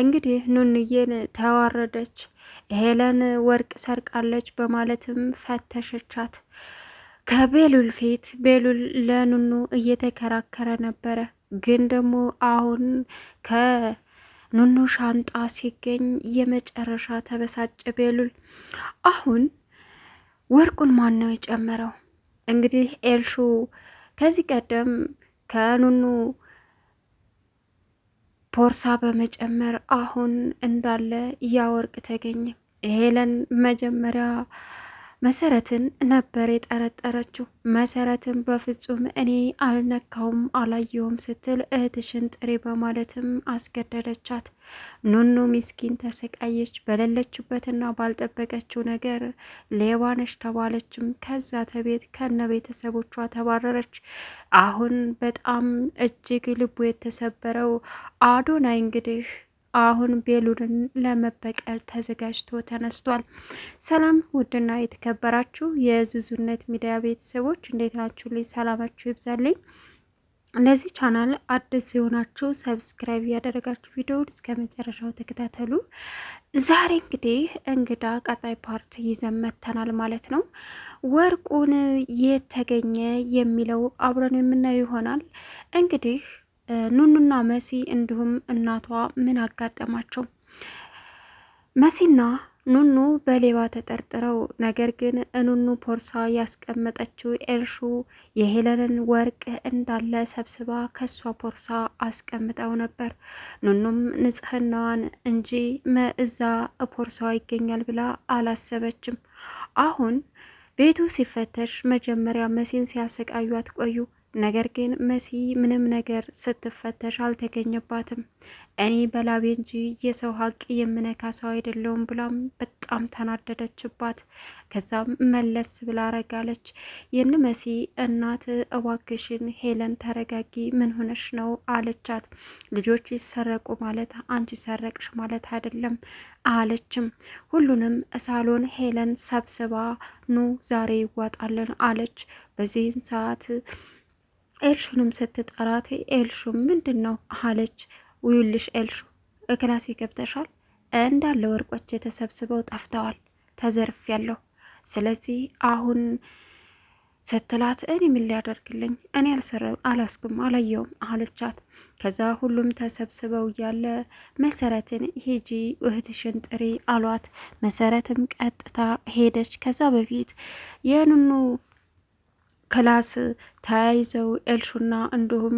እንግዲህ ኑንዬን ተዋረደች። ሄለን ወርቅ ሰርቃለች በማለትም ፈተሸቻት። ከቤሉል ፊት ቤሉል ለኑኑ እየተከራከረ ነበረ። ግን ደግሞ አሁን ከኑኑ ሻንጣ ሲገኝ የመጨረሻ ተበሳጨ ቤሉል። አሁን ወርቁን ማን ነው የጨመረው? እንግዲህ ኤልሹ ከዚህ ቀደም ከኑኑ ፖርሳ በመጨመር አሁን እንዳለ ያ ወርቅ ተገኘ። ሄለን መጀመሪያ መሰረትን ነበር የጠረጠረችው። መሰረትን በፍጹም እኔ አልነካውም አላየውም ስትል እህትሽን ጥሪ በማለትም አስገደደቻት። ኑኑ ሚስኪን ተሰቃየች። በሌለችበትና ባልጠበቀችው ነገር ሌባነሽ ተባለችም። ከዛ ተቤት ከነ ቤተሰቦቿ ተባረረች። አሁን በጣም እጅግ ልቡ የተሰበረው አዶናይ እንግዲህ አሁን ቤሉልን ለመበቀል ተዘጋጅቶ ተነስቷል። ሰላም ውድና የተከበራችሁ የዙዙነት ሚዲያ ቤተሰቦች እንዴት ናችሁ? ልይ ሰላማችሁ ይብዛልኝ። ለዚህ ቻናል አዲስ የሆናችሁ ሰብስክራይብ እያደረጋችሁ ቪዲዮውን እስከ መጨረሻው ተከታተሉ። ዛሬ እንግዲህ እንግዳ ቀጣይ ፓርት ይዘን መጥተናል ማለት ነው። ወርቁን የተገኘ የሚለው አብረን የምናየው ይሆናል እንግዲህ ኑኑና መሲ እንዲሁም እናቷ ምን አጋጠማቸው? መሲና ኑኑ በሌባ ተጠርጥረው ነገር ግን እኑኑ ፖርሳ ያስቀመጠችው ኤርሹ የሄለንን ወርቅ እንዳለ ሰብስባ ከሷ ፖርሳ አስቀምጠው ነበር። ኑኑም ንጽህናዋን እንጂ እዛ ቦርሳዋ ይገኛል ብላ አላሰበችም። አሁን ቤቱ ሲፈተሽ መጀመሪያ መሲን ሲያሰቃዩት ቆዩ። ነገር ግን መሲ ምንም ነገር ስትፈተሽ አልተገኘባትም። እኔ በላቤ እንጂ የሰው ሀቅ የምነካ ሰው አይደለውም ብላም በጣም ተናደደችባት። ከዛም መለስ ብላ አረጋለች። ይህን መሲ እናት እባክሽን ሄለን ተረጋጊ፣ ምን ሆነሽ ነው አለቻት። ልጆች ሰረቁ ማለት አንቺ ሰረቅሽ ማለት አይደለም አለችም። ሁሉንም ሳሎን ሄለን ሰብስባ ኑ ዛሬ ይዋጣለን አለች። በዚህን ሰዓት ኤልሹንም ስትጠራት ኤልሹ ምንድን ነው አለች። ውዩልሽ ኤልሹ እክላሴ ገብተሻል እንዳለ ወርቆች የተሰብስበው ጠፍተዋል፣ ተዘርፍ ያለው ስለዚህ አሁን ስትላት እኔ ምን ሊያደርግልኝ እኔ አላስኩም አላየውም አለቻት። ከዛ ሁሉም ተሰብስበው እያለ መሰረትን ሂጂ ውህድሽን ጥሪ አሏት። መሰረትም ቀጥታ ሄደች። ከዛ በፊት የኑኑ ክላስ ተያይዘው ኤልሹና እንዲሁም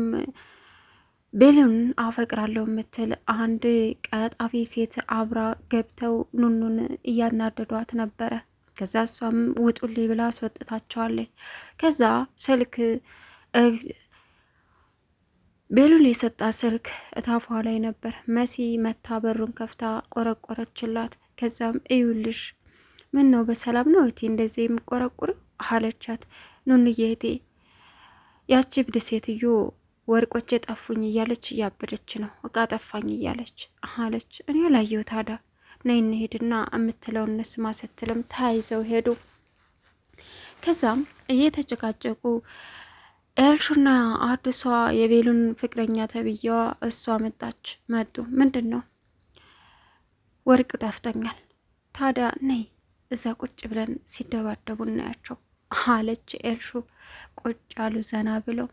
ቤልን አፈቅራለሁ የምትል አንድ ቀጣፊ ሴት አብራ ገብተው ኑኑን እያናደዷት ነበረ። ከዛ እሷም ውጡልኝ ብላ አስወጥታቸዋለች። ከዛ ስልክ ቤሉን የሰጣት ስልክ እታፏ ላይ ነበር። መሲ መታ በሩን ከፍታ ቆረቆረችላት። ከዛም እዩልሽ ምን ነው በሰላም ነው እቲ እንደዚህ የምቆረቁር አለቻት። ኑንዬ እህቴ ያቺ እብድ ሴትዮ ወርቆቼ ጠፉኝ እያለች እያበደች ነው፣ እቃ ጠፋኝ እያለች አለች። እኔ ላየው ታዳ ነይ እንሄድና የምትለው እንስማ ስትልም ተያይዘው ሄዱ። ከዛም እየተጨቃጨቁ ኤልሹና አዲሷ የቤሉን ፍቅረኛ ተብያዋ እሷ መጣች። መጡ ምንድን ነው ወርቅ ጠፍቶኛል፣ ታዲያ ነይ እዛ ቁጭ ብለን ሲደባደቡ እናያቸው አለች ኤልሹ። ቁጭ አሉ ዘና ብለው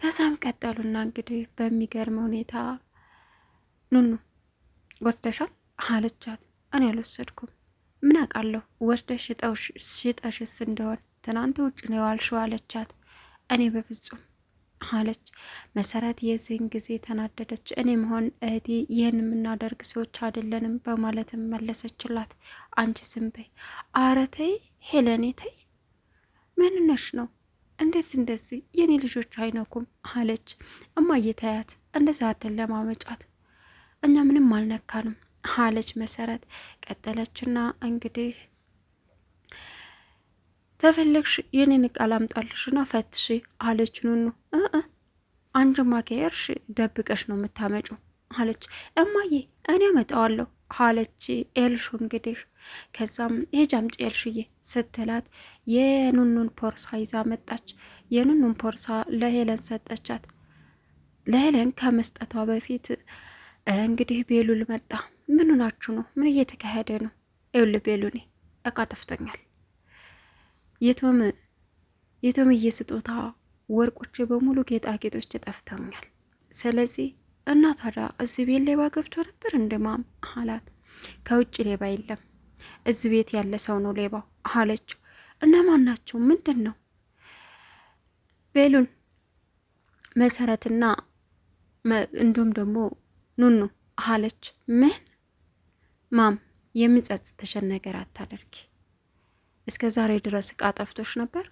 ተሳም ቀጠሉና እንግዲህ በሚገርም ሁኔታ ኑኑ ወስደሻል አለቻት። እኔ አልወሰድኩም፣ ምን አውቃለሁ ወስደሽ ሽጠሽስ እንደሆን ትናንት ውጭ ነው የዋልሽው አለቻት። እኔ በፍጹም አለች መሰረት። የዚህን ጊዜ ተናደደች። እኔ መሆን እህቴ ይህን የምናደርግ ሰዎች አይደለንም በማለትም መለሰችላት። አንቺ ዝም በይ፣ አረ ተይ ሄለኔ ተይ ምንነሽ ነው? እንዴት እንደዚህ የኔ ልጆች አይነኩም? አለች እማዬ። ታያት አትን ለማመጫት እኛ ምንም አልነካንም አለች መሰረት። ቀጠለችና እንግዲህ ተፈለግሽ የኔን ቃል አምጣልሽና ፈትሽ አለች ኑኑ። አንጅማ ከየርሽ ደብቀሽ ነው የምታመጩ አለች እማዬ። እኔ አመጣዋለሁ አለች ኤልሹ እንግዲህ ከዛም ሂጂ አምጪ ኤልሽዬ ስትላት የኑኑን ፖርሳ ይዛ መጣች። የኑኑን ፖርሳ ለሄለን ሰጠቻት። ለሄለን ከመስጠቷ በፊት እንግዲህ ቤሉል መጣ። ምኑ ናችሁ ነው? ምን እየተካሄደ ነው? ኤውል ቤሉኔ እቃ ጠፍቶኛል። የቶም የቶም እየስጦታ ወርቆች በሙሉ ጌጣጌጦች ጠፍተውኛል። ስለዚህ እና ታዲያ እዚህ ቤት ሌባ ገብቶ ነበር እንደማም አላት። ከውጭ ሌባ የለም እዚህ ቤት ያለ ሰው ነው ሌባው አለችው። እነማን ናቸው? ምንድን ነው? ቤሉን መሰረትና እንዲሁም ደግሞ ኑኑ አለች። ምን ማም የሚጸጽትሽን ነገር አታደርጊ። እስከ ዛሬ ድረስ እቃ ጠፍቶሽ ነበር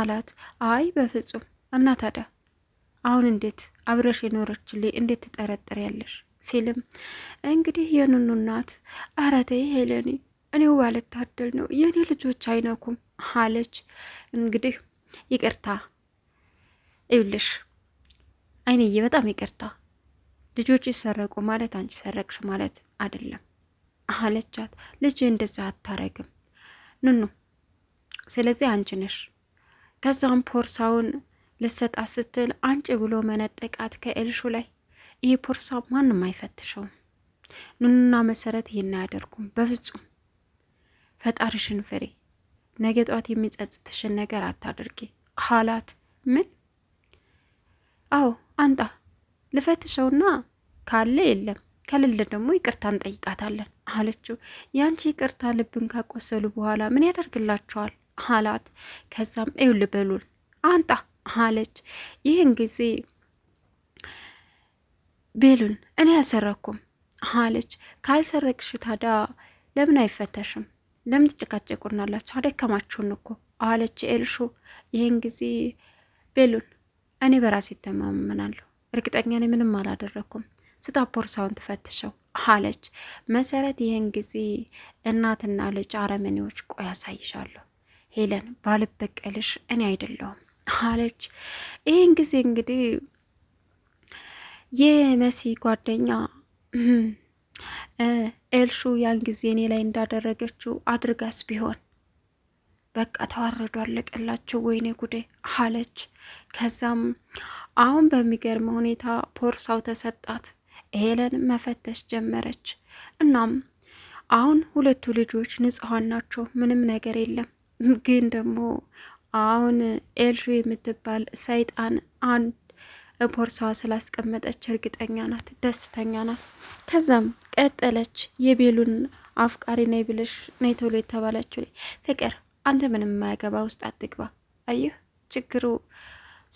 አላት። አይ በፍጹም እና ታዲያ አሁን እንዴት አብረሽ የኖረችልኝ እንዴት ትጠረጥሪያለሽ? ሲልም እንግዲህ የኑኑ እናት አረተይ ሄለኒ እኔው ባልታደል ነው የእኔ ልጆች አይነኩም አለች። እንግዲህ ይቅርታ ይውልሽ አይንዬ፣ በጣም ይቅርታ ልጆች ይሰረቁ ማለት አንቺ ሰረቅሽ ማለት አይደለም አለቻት። ልጅ እንደዛ አታረግም ኑኑ፣ ስለዚህ አንቺ ነሽ። ከዛም ፖርሳውን ልሰጣት ስትል አንጭ ብሎ መነጠቃት ከእልሹ ላይ። ይህ ፖርሳ ማንም አይፈትሸውም። ኑኑና መሰረት ይህን አያደርጉም በፍጹም። ፈጣሪሽን ፍሬ ነገ ጠዋት የሚጸጽትሽን ነገር አታድርጊ አላት። ምን? አዎ አንጣ ልፈትሸውና ካለ የለም ከሌለ ደግሞ ይቅርታ እንጠይቃታለን አለችው። ያንቺ ይቅርታ ልብን ካቆሰሉ በኋላ ምን ያደርግላቸዋል አላት። ከዛም እዩ ልበሉን አንጣ አለች። ይህን ጊዜ ቤሉን እኔ አልሰረኩም አለች። ካልሰረቅሽ ታዲያ ለምን አይፈተሽም ለምን ትጨቃጨቁናላችሁ? አደከማችሁን እኮ አለች ኤልሹ። ይህን ጊዜ ቤሉን እኔ በራሴ ይተማመናለሁ፣ እርግጠኛ ነኝ ምንም አላደረግኩም፣ ስጣ ቦርሳውን ትፈትሸው አለች መሰረት። ይህን ጊዜ እናትና ልጅ አረመኔዎች፣ ቆይ ያሳይሻለሁ ሄለን ባልበቀልሽ እኔ አይደለሁም አለች። ይህን ጊዜ እንግዲህ የመሲ ጓደኛ ኤልሹ ያን ጊዜ እኔ ላይ እንዳደረገችው አድርጋስ ቢሆን በቃ ተዋረዱ አለቀላቸው። ወይኔ ጉዴ አለች። ከዛም አሁን በሚገርም ሁኔታ ቦርሳው ተሰጣት። ሄለን መፈተሽ ጀመረች። እናም አሁን ሁለቱ ልጆች ንጽሐን ናቸው፣ ምንም ነገር የለም። ግን ደግሞ አሁን ኤልሹ የምትባል ሰይጣን አንድ ቦርሳዋ ስላስቀመጠች እርግጠኛ ናት፣ ደስተኛ ናት። ከዛም ቀጠለች የቤሉን አፍቃሪ ነይ ብለሽ ነይ ቶሎ የተባለችው ላይ ፍቅር አንተ ምንም የማያገባ ውስጥ አትግባ። አየህ ችግሩ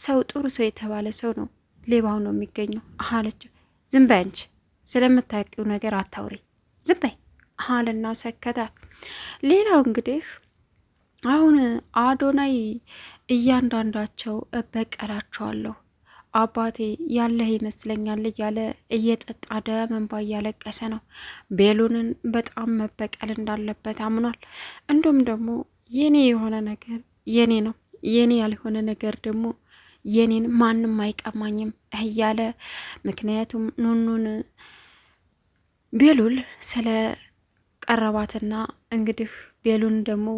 ሰው ጥሩ ሰው የተባለ ሰው ነው ሌባው ነው የሚገኘው አለችው። ዝም በይ አንቺ ስለምታውቂው ነገር አታውሪ፣ ዝም በይ አለና ሰከታት። ሌላው እንግዲህ አሁን አዶናይ እያንዳንዳቸው እበቀላቸዋለሁ አባቴ ያለህ ይመስለኛል እያለ እየጠጣ ደም እንባ እያለቀሰ ነው። ቤሉንን በጣም መበቀል እንዳለበት አምኗል። እንዲሁም ደግሞ የኔ የሆነ ነገር የኔ ነው፣ የኔ ያልሆነ ነገር ደግሞ የኔን ማንም አይቀማኝም እያለ ምክንያቱም ኑኑን ቤሉል ስለ ቀረባትና እንግዲህ ቤሉን ደግሞ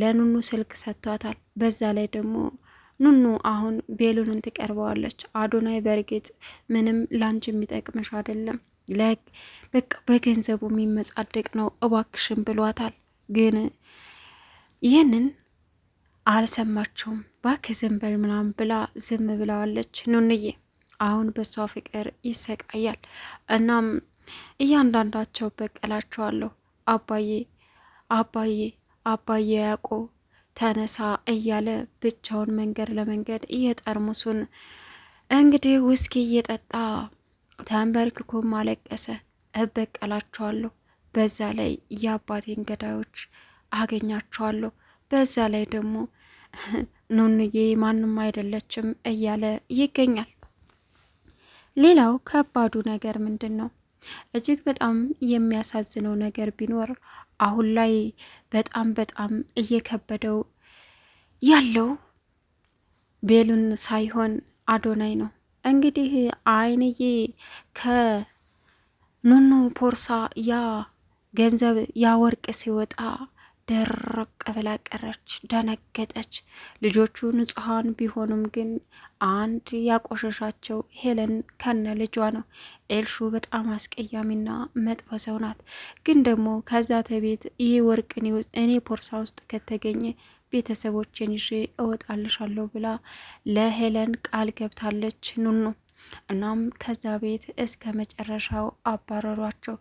ለኑኑ ስልክ ሰጥቷታል። በዛ ላይ ደግሞ ኑኑ አሁን ቤሉልን ትቀርበዋለች። አዶናይ በእርግጥ ምንም ላንች የሚጠቅምሽ አይደለም፣ በቃ በገንዘቡ የሚመጻደቅ ነው እባክሽን ብሏታል። ግን ይህንን አልሰማቸውም። ባክ ዝም በል ምናምን ብላ ዝም ብለዋለች። ኑንዬ አሁን በሷ ፍቅር ይሰቃያል። እናም እያንዳንዳቸው በቀላቸዋለሁ አባዬ አባዬ አባዬ ያዕቆብ ተነሳ እያለ ብቻውን መንገድ ለመንገድ እየጠርሙሱን እንግዲህ ውስኪ እየጠጣ ተንበርክኮ አለቀሰ። እበቀላቸዋለሁ፣ በዛ ላይ የአባቴን ገዳዮች አገኛቸዋለሁ፣ በዛ ላይ ደግሞ ኑኑዬ ማንም አይደለችም እያለ ይገኛል። ሌላው ከባዱ ነገር ምንድን ነው? እጅግ በጣም የሚያሳዝነው ነገር ቢኖር አሁን ላይ በጣም በጣም እየከበደው ያለው ቤሉን ሳይሆን አዶናይ ነው። እንግዲህ አይንዬ ከኑኑ ፖርሳ ያ ገንዘብ ያ ወርቅ ሲወጣ ደረቅ ብላ ቀረች። ደነገጠች። ልጆቹ ንጹሐን ቢሆኑም ግን አንድ ያቆሸሻቸው ሄለን ከነ ልጇ ነው። ኤልሹ በጣም አስቀያሚና መጥፎ ሰው ናት። ግን ደግሞ ከዛ ተቤት ይህ ወርቅ እኔ ቦርሳ ውስጥ ከተገኘ ቤተሰቦች ይዤ እወጣልሻለሁ ብላ ለሄለን ቃል ገብታለች። ኑኑ እናም ከዛ ቤት እስከ መጨረሻው አባረሯቸው።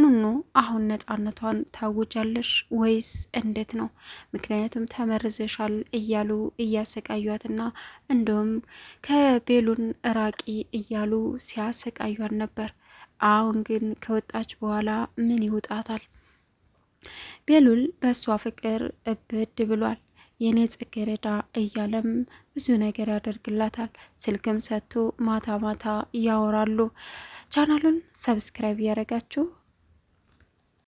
ኑኑ አሁን ነጻነቷን ታውጃለሽ ወይስ እንዴት ነው? ምክንያቱም ተመርዘሻል እያሉ እያሰቃዩትና እንዲሁም ከቤሉን ራቂ እያሉ ሲያሰቃዩን ነበር። አሁን ግን ከወጣች በኋላ ምን ይውጣታል? ቤሉል በእሷ ፍቅር እብድ ብሏል። የኔ ጽጌረዳ እያለም ብዙ ነገር ያደርግላታል። ስልክም ሰጥቶ ማታ ማታ ያወራሉ። ቻናሉን ሰብስክራይብ እያደረጋችሁ